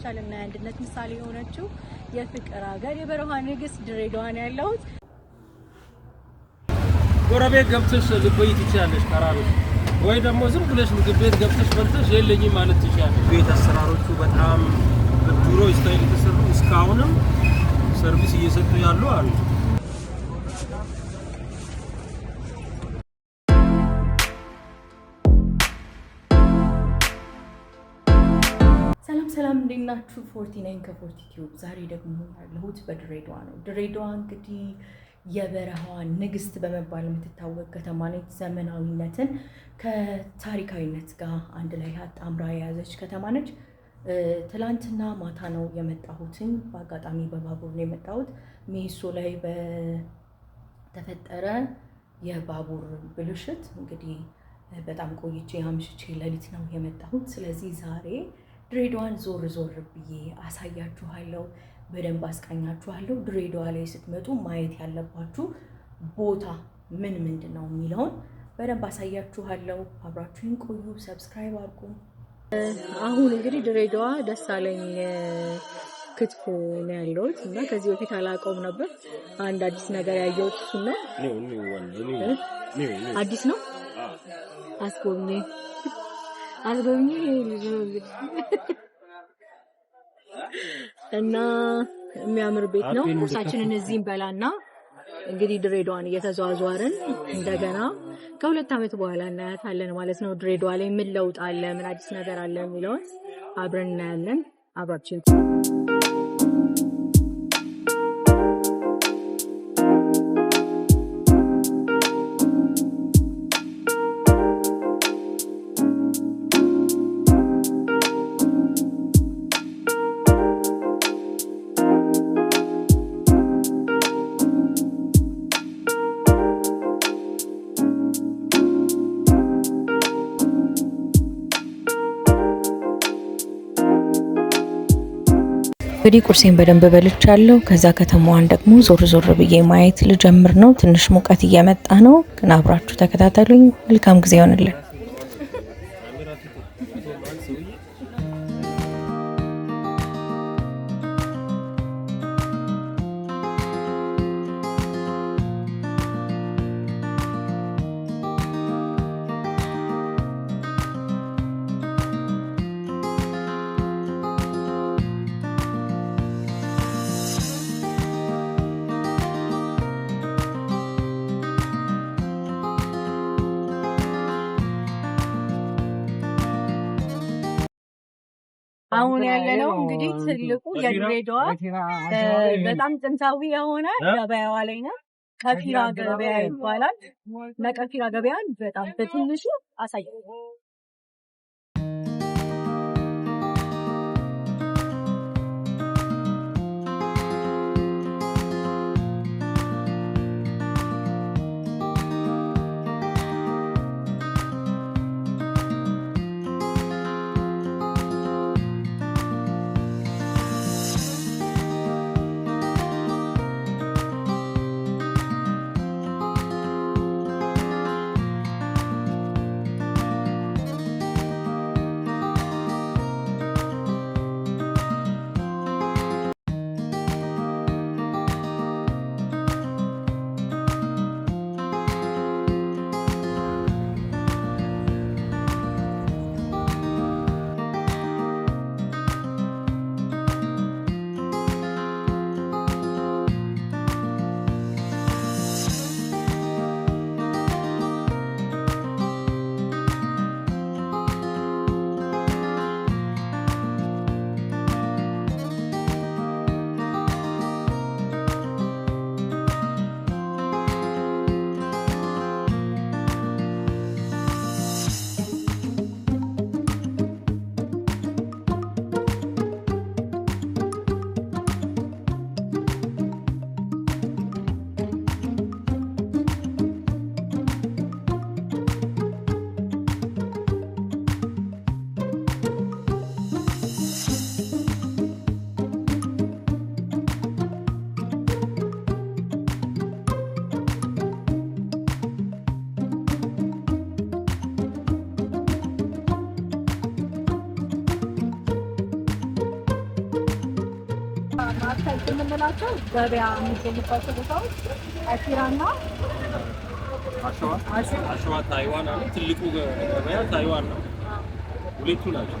የመቻቻልና የአንድነት ምሳሌ የሆነችው የፍቅር ሀገር የበረሃ ንግስት ድሬዳዋን ያለሁት ጎረቤት ገብተሽ ልቆይ ትችላለሽ። ቀራሩ ወይ ደግሞ ዝም ብለሽ ምግብ ቤት ገብተሽ በልተሽ የለኝም ማለት ትችላለሽ። ቤት አሰራሮቹ በጣም ድሮ ስታይል የተሰሩ እስካሁንም ሰርቪስ እየሰጡ ያሉ አሉ። ናችሁ? ፎርቲ ናይን ከፎርቲ ቲዩብ። ዛሬ ደግሞ ያለሁት በድሬዳዋ ነው። ድሬዳዋ እንግዲህ የበረሃዋ ንግስት በመባል የምትታወቅ ከተማ ነች። ዘመናዊነትን ከታሪካዊነት ጋር አንድ ላይ አጣምራ የያዘች ከተማ ነች። ትላንትና ማታ ነው የመጣሁትኝ። በአጋጣሚ በባቡር ነው የመጣሁት። ሜሶ ላይ በተፈጠረ የባቡር ብልሽት እንግዲህ በጣም ቆይቼ አምሽቼ ሌሊት ነው የመጣሁት። ስለዚህ ዛሬ ድሬዳዋን ዞር ዞር ብዬ አሳያችኋለሁ፣ በደንብ አስቃኛችኋለሁ። ድሬዳዋ ላይ ስትመጡ ማየት ያለባችሁ ቦታ ምን ምንድን ነው የሚለውን በደንብ አሳያችኋለሁ። አብራችሁን ቆዩ፣ ሰብስክራይብ አድርጉ። አሁን እንግዲህ ድሬዳዋ ደሳለኝ ክትፎ ነው ያለሁት እና ከዚህ በፊት አላውቀውም ነበር። አንድ አዲስ ነገር ያየሁት እሱን ነው። አዲስ ነው፣ አስጎብኘኝ አልጎብኚ እና የሚያምር ቤት ነው። ቁርሳችንን እዚህ በላና እንግዲህ ድሬዳዋን እየተዘዋወርን እንደገና ከሁለት ዓመት በኋላ እናያታለን ማለት ነው። ድሬዳዋ ላይ ምን ለውጥ አለ፣ ምን አዲስ ነገር አለ የሚለውን አብረን እናያለን። አብራችን እንግዲህ ቁርሴን በደንብ በልቻለሁ። ከዛ ከተማዋን ደግሞ ዞር ዞር ብዬ ማየት ልጀምር ነው። ትንሽ ሙቀት እየመጣ ነው፣ ግን አብራችሁ ተከታተሉኝ። መልካም ጊዜ ይሆንልን። አሁን ያለነው እንግዲህ ትልቁ የድሬዳዋ በጣም ጥንታዊ የሆነ ገበያዋ ላይ ነው። ከፊራ ገበያ ይባላል። መቀፊራ ገበያን በጣም በትንሹ አሳያል። አትክልት የምንላቸው ገበያ የሚገኝባቸው ቦታዎች አኪራና አሸዋ ታይዋን አለ። ትልቁ ገበያ ታይዋን ነው። ሁለቱ ናቸው።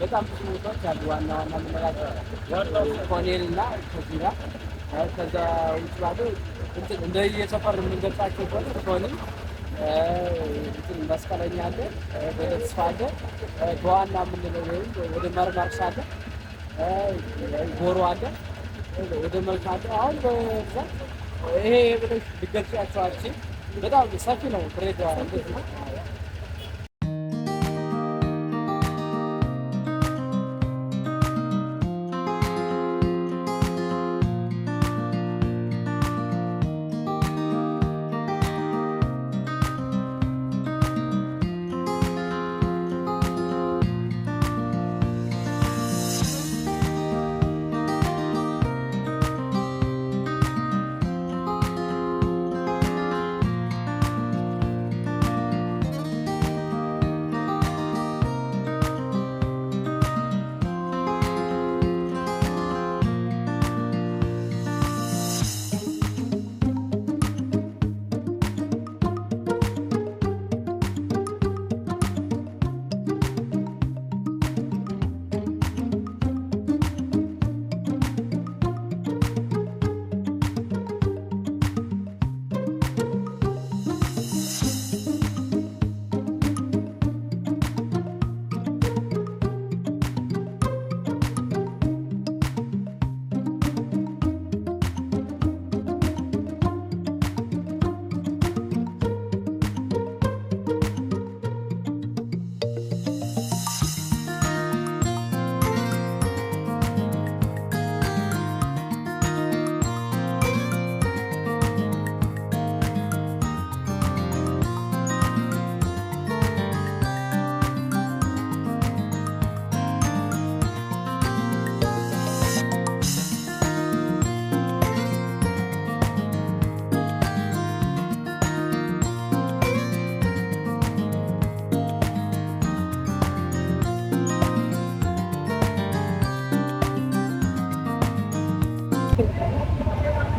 በጣም ብዙ ቦታዎች አሉ። ዋና ዋና የምንላቸው ኮኔል እና ከዚራ ከዛ ውጭ ባሉ እንደየሰፈር የምንገልጻቸው ከሆነ ኮኔል መስቀለኛ አለ፣ በተስፋ አለ፣ በዋና የምንለው ወይም ወደ መርማርስ አለ፣ ጎሮ አለ፣ ወደ መልካ አለ። አሁን በብዛት ይሄ ብለሽ ልገልጽ በጣም ሰፊ ነው። ድሬዳዋ እንደዚህ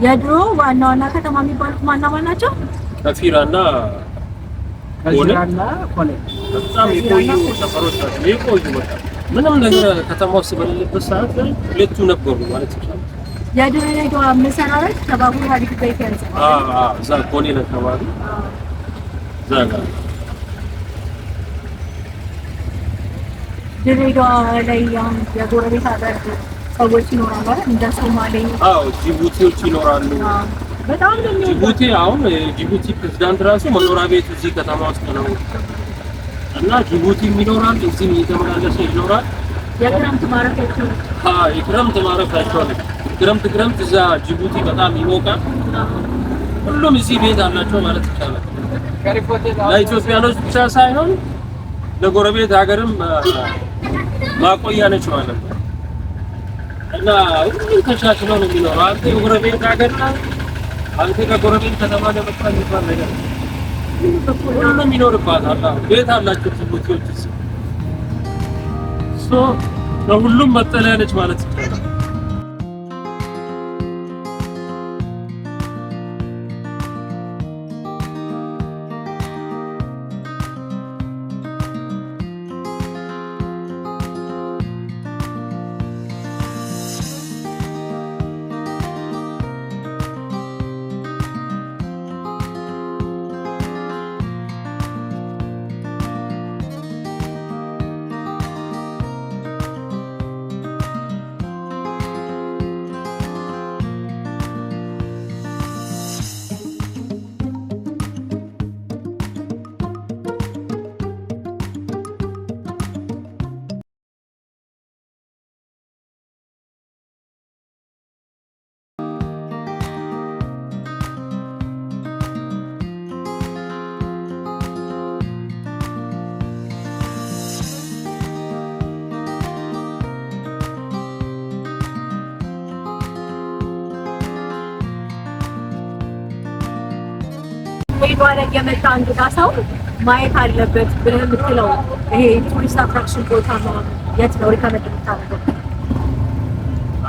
የድሮ ዋና ዋና ከተማ የሚባሉት ማና ማን ናቸው? ከፊራና ከፊራና በጣም ምንም ነገር ከተማ ውስጥ በሌለበት ሰዓት ሁለቱ ነበሩ ማለት ይችላል። የድሬዳዋ መሰናበት ከባቡር ሀዲድ ጋር ለተባሉ ላይ ሰዎች ይኖራሉ አይደል? እንደ ሶማሌ አዎ፣ ጅቡቲዎች ይኖራሉ። በጣም ነው ጅቡቲ። አሁን ጅቡቲ ፕሬዝዳንት ራሱ መኖሪያ ቤት እዚህ ከተማ ውስጥ ነው እና ጅቡቲም ይኖራል፣ እዚህም እየተመላለሰ ይኖራል። የክረምት ማረፊያቸው አዎ፣ የክረምት ማረፊያቸው ነው። ክረምት ክረምት እዛ ጅቡቲ በጣም ይሞቃል። ሁሉም እዚህ ቤት አላቸው ማለት ይቻላል። ለኢትዮጵያኖች ብቻ ሳይሆን ለጎረቤት ሀገርም ማቆያ ነች ማለት ነው። እና ሁሉም ተሻሽሎ ነው የሚኖረው። አንተ የጎረቤት ሀገር አንተ ከጎረቤት ከተማ ለመጣ የሚባል ነገር ሁሉም ይኖርባታል። ቤት አላቸው ጅቡቲዎች። ለሁሉም መጠለያ ነች ማለት ይቻላል። ድሬዳዋ ላይ የመጣ ሰው ማየት አለበት ብለህ የምትለው ይሄ ቱሪስት አትራክሽን ቦታ ነው የት ነው ሪከመንድ የምታደርገው?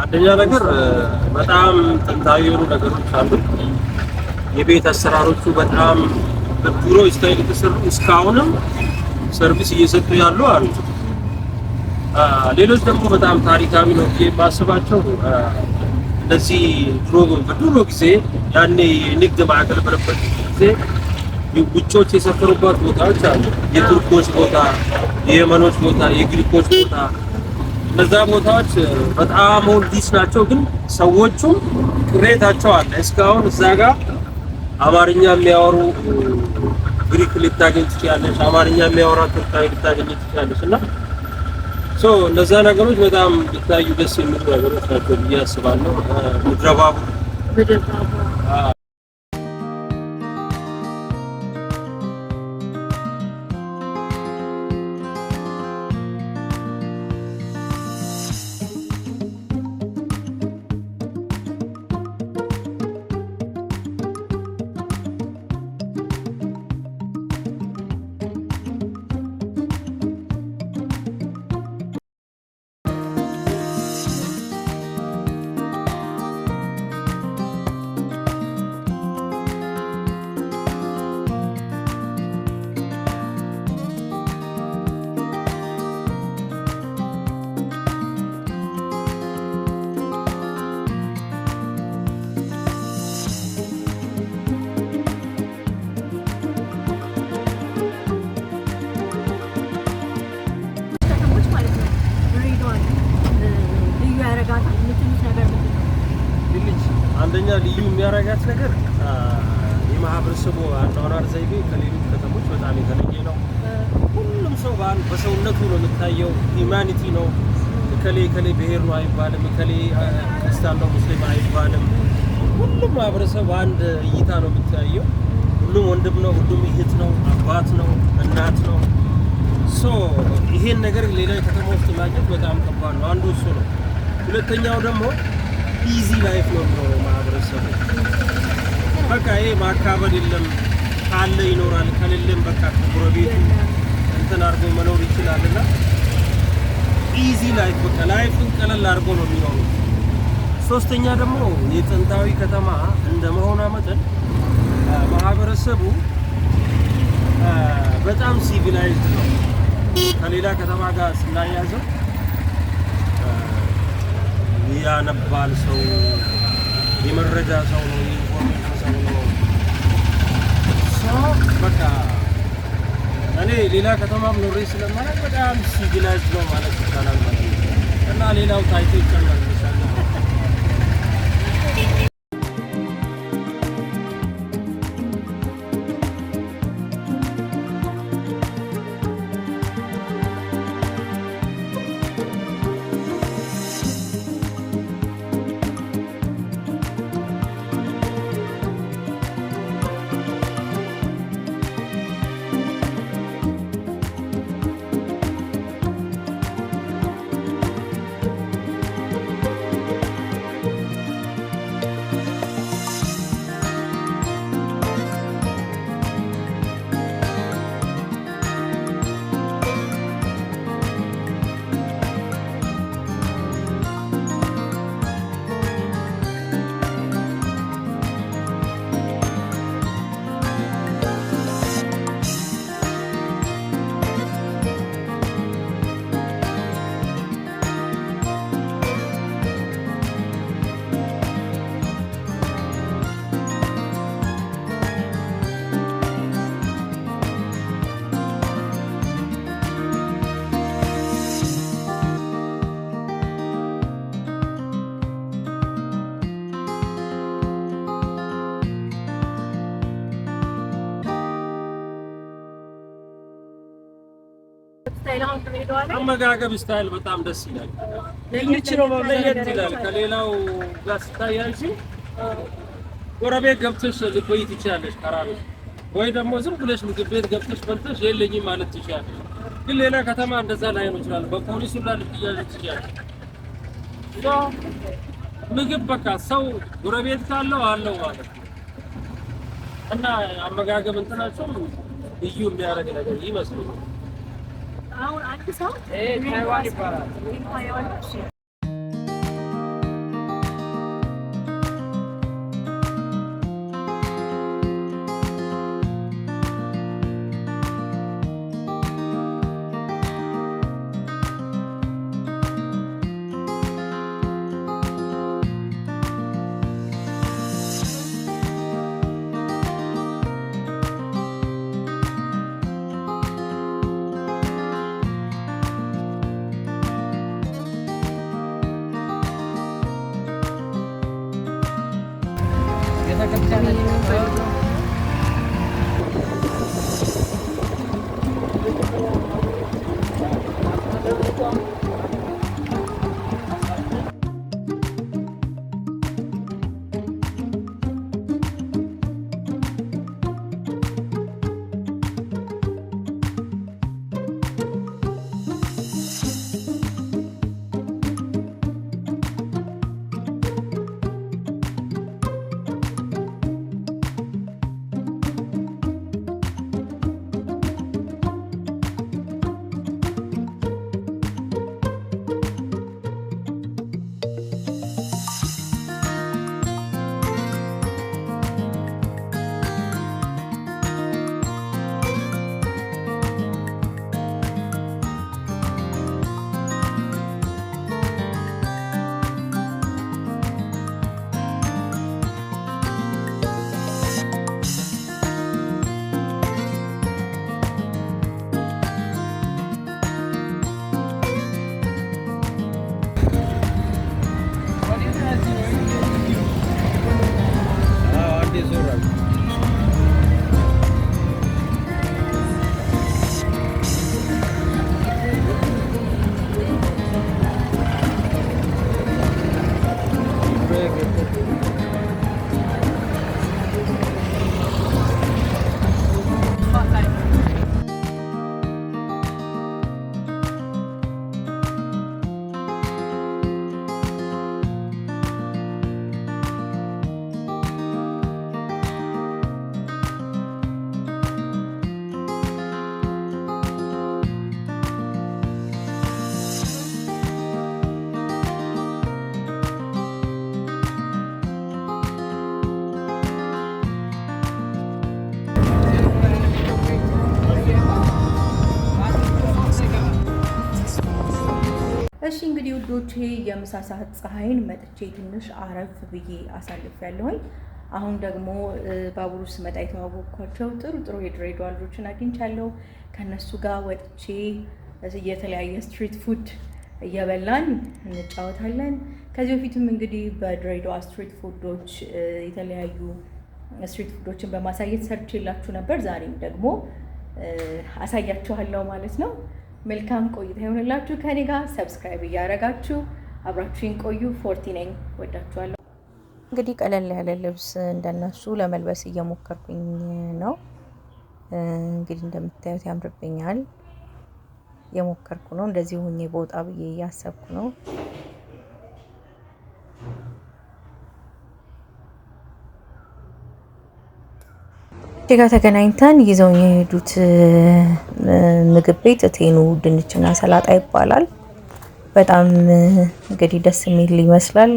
አንደኛ ነገር በጣም ጥንታዊ የሆኑ ነገሮች አሉ። የቤት አሰራሮቹ በጣም በድሮ ስታይል የተሰሩ እስካሁንም ሰርቪስ እየሰጡ ያሉ አሉ። ሌሎች ደግሞ በጣም ታሪካዊ ነው ብዬ የማስባቸው እነዚህ ድሮ በድሮ ጊዜ ያኔ ንግድ ማዕከል በነበረበት ጊዜ ውጮች የሰፈሩባት ቦታዎች አሉ። የቱርኮች ቦታ፣ የየመኖች ቦታ፣ የግሪኮች ቦታ እነዛ ቦታዎች በጣም ዲስ ናቸው። ግን ሰዎቹም ቅሬታቸው አለ። እስካሁን እዛ ጋር አማርኛ የሚያወሩ ግሪክ ልታገኝ ትችያለች፣ አማርኛ የሚያወራ ቱርካዊ ልታገኝ ትችያለች። እና ሶ እነዛ ነገሮች በጣም ሊታዩ ደስ የሚሉ ነገሮች ናቸው ብዬ አስባለሁ። ምድረባቡ የማህበረሰቡ አኗኗር ዘይቤ ከሌሎች ከተሞች በጣም የተለየ ነው። ሁሉም ሰው በሰውነቱ ነው የሚታየው። ሂማኒቲ ነው። እከሌ እከሌ ብሔር ነው አይባልም። እከሌ ክርስቲያን ነው ሙስሊም አይባልም። ሁሉም ማህበረሰብ በአንድ እይታ ነው የሚታየው። ሁሉም ወንድም ነው፣ ሁሉም እህት ነው፣ አባት ነው፣ እናት ነው። ሶ ይሄን ነገር ሌላ ከተማ ውስጥ ማግኘት በጣም ከባድ ነው። አንዱ እሱ ነው። ሁለተኛው ደግሞ ኢዚ ላይፍ ነው ማህበረሰቡ በቃ ይሄ ማካበድ የለም። ካለ ይኖራል፣ ከሌለም በቃ ጎረቤቱ እንትን አድርጎ መኖር ይችላል። እና ኢዚ ላይፍ በቃ ላይፍን ቀለል አድርጎ ነው የሚኖሩ። ሶስተኛ ደግሞ የጥንታዊ ከተማ እንደ መሆኗ መጠን ማህበረሰቡ በጣም ሲቪላይዝድ ነው። ከሌላ ከተማ ጋር ስናያዘው ያነባል ሰው የመረጃ ሰው ነው በቃ እኔ ሌላ ከተማም ኖሬ ስለማለት በጣም ሲቪላይዝ ነው ማለት ይቻላል ማለት እና ሌላው ታይቶ ይጨመር ይሻለ አመጋገብ ስታይል በጣም ደስ ይላል። ልንች ነው መለየት ይላል ከሌላው ጋር ስታያጅ ጎረቤት ገብተሽ ልትቆይ ትችላለሽ ከራብ ወይ ደግሞ ዝም ብለሽ ምግብ ቤት ገብተሽ በልተሽ የለኝም ማለት ትችላለሽ። ግን ሌላ ከተማ እንደዛ ላይ ነው ይችላል። በፖሊስ ሁላ ልትያዥ ትችላለሽ። ምግብ በቃ ሰው ጎረቤት ካለው አለው ማለት ነው እና አመጋገብ እንትናቸው ልዩ የሚያደርግ ነገር ይመስለኛል። Aún antes, ¿no? Eh, ¿qué va Kami yung እሺ እንግዲህ ውዶቼ የምሳ ሰዓት ፀሐይን መጥቼ ትንሽ አረፍ ብዬ አሳልፍ ያለሁኝ አሁን ደግሞ ውስጥ መጣ የተዋወቅኳቸው ጥሩ ጥሩ የድሬዳዋ ልጆችን አግኝቻለሁ። ከእነሱ ጋር ወጥቼ የተለያየ ስትሪት ፉድ እየበላን እንጫወታለን። ከዚህ በፊትም እንግዲህ በድሬዳዋ ስትሪት ፉዶች የተለያዩ ስትሪት ፉዶችን በማሳየት ሰርቼላችሁ ነበር። ዛሬም ደግሞ አሳያችኋለሁ ማለት ነው። መልካም ቆይታ ይሆንላችሁ ከኔ ጋር። ሰብስክራይብ እያደረጋችሁ አብራችሁን ቆዩ። ፎርቲ ነኝ፣ ወዳችኋለሁ። እንግዲህ ቀለል ያለ ልብስ እንደነሱ ለመልበስ እየሞከርኩኝ ነው። እንግዲህ እንደምታዩት ያምርብኛል፣ የሞከርኩ ነው። እንደዚህ ሆኜ በወጣ ብዬ እያሰብኩ ነው። እዚህ ጋር ተገናኝተን ይዘው የሄዱት ምግብ ቤት እቴኑ ድንችና ሰላጣ ይባላል። በጣም እንግዲህ ደስ የሚል ይመስላል።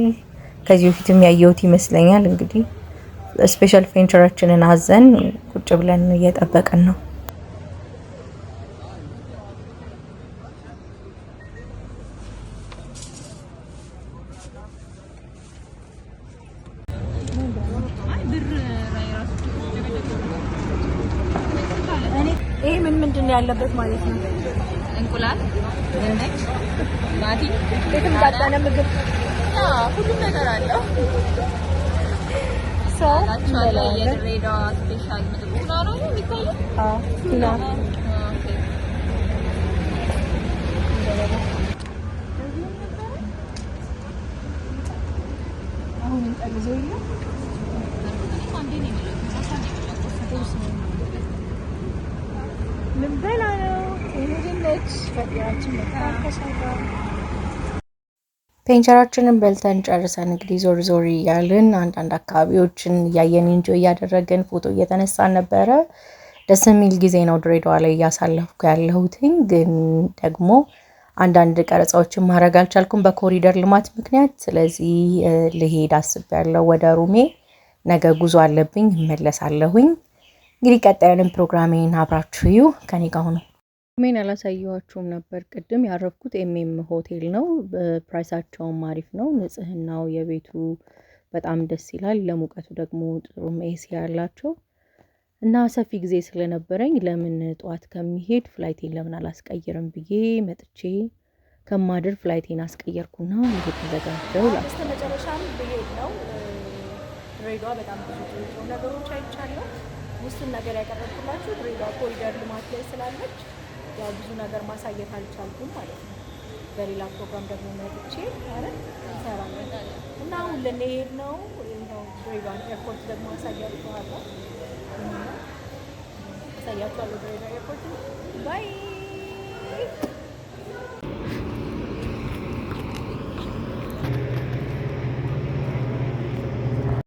ከዚህ በፊትም ያየሁት ይመስለኛል። እንግዲህ ስፔሻል ፌንቸራችንን አዘን ቁጭ ብለን እየጠበቅን ነው። ምንድን ያለበት ማለት ነው? እንቁላል፣ ድንች፣ ማቲ የተመጣጠነ ምግብ ሁሉም ነገር አለው። ሰው የድሬዳዋ ስፔሻል ምግብ ነው የሚታየው። አሁን ምን በላ ነው ነች ፈጣሪያችን በጣም ፔንቸራችንን በልተን ጨርሰን እንግዲህ ዞር ዞር እያልን አንዳንድ አካባቢዎችን እያየን እንጆ እያደረግን ፎቶ እየተነሳን ነበረ። ደስ የሚል ጊዜ ነው ድሬዳዋ ላይ እያሳለፍኩ ያለሁትኝ። ግን ደግሞ አንዳንድ ቀረጻዎችን ማድረግ አልቻልኩም በኮሪደር ልማት ምክንያት። ስለዚህ ልሄድ አስቤያለሁ ወደ ሩሜ። ነገ ጉዞ አለብኝ እመለሳለሁኝ። እንግዲህ ቀጣዩንም ፕሮግራሜን አብራችሁ እዩ ከኔ ጋር ሆኖ ሜን አላሳየኋችሁም ነበር ቅድም ያረፍኩት ኤምኤም ሆቴል ነው። ፕራይሳቸውም አሪፍ ነው። ንጽህናው የቤቱ በጣም ደስ ይላል። ለሙቀቱ ደግሞ ጥሩ ኤሲ ያላቸው እና ሰፊ ጊዜ ስለነበረኝ ለምን ጠዋት ከሚሄድ ፍላይቴን ለምን አላስቀይርም ብዬ መጥቼ ከማድር ፍላይቴን አስቀየርኩና ይሄ ተዘጋጀው ላስተመጨረሻም ብሄድ ነው። ድሬዳዋ በጣም ብዙ ነገሮች አይቻለሁ። ውስን ነገር ያቀረብኩላችሁ ድሬዳዋ ኮሪደር ልማት ላይ ስላለች ያው ብዙ ነገር ማሳየት አልቻልኩም ማለት ነው። በሌላ ፕሮግራም ደግሞ መጥቼ ማለት እንሰራለን እና አሁን ልንሄድ ነው። ድሬዳዋ ኤርፖርት ደግሞ አሳያችኋለሁ አሳያችኋለሁ ድሬዳዋ ኤርፖርት ባይ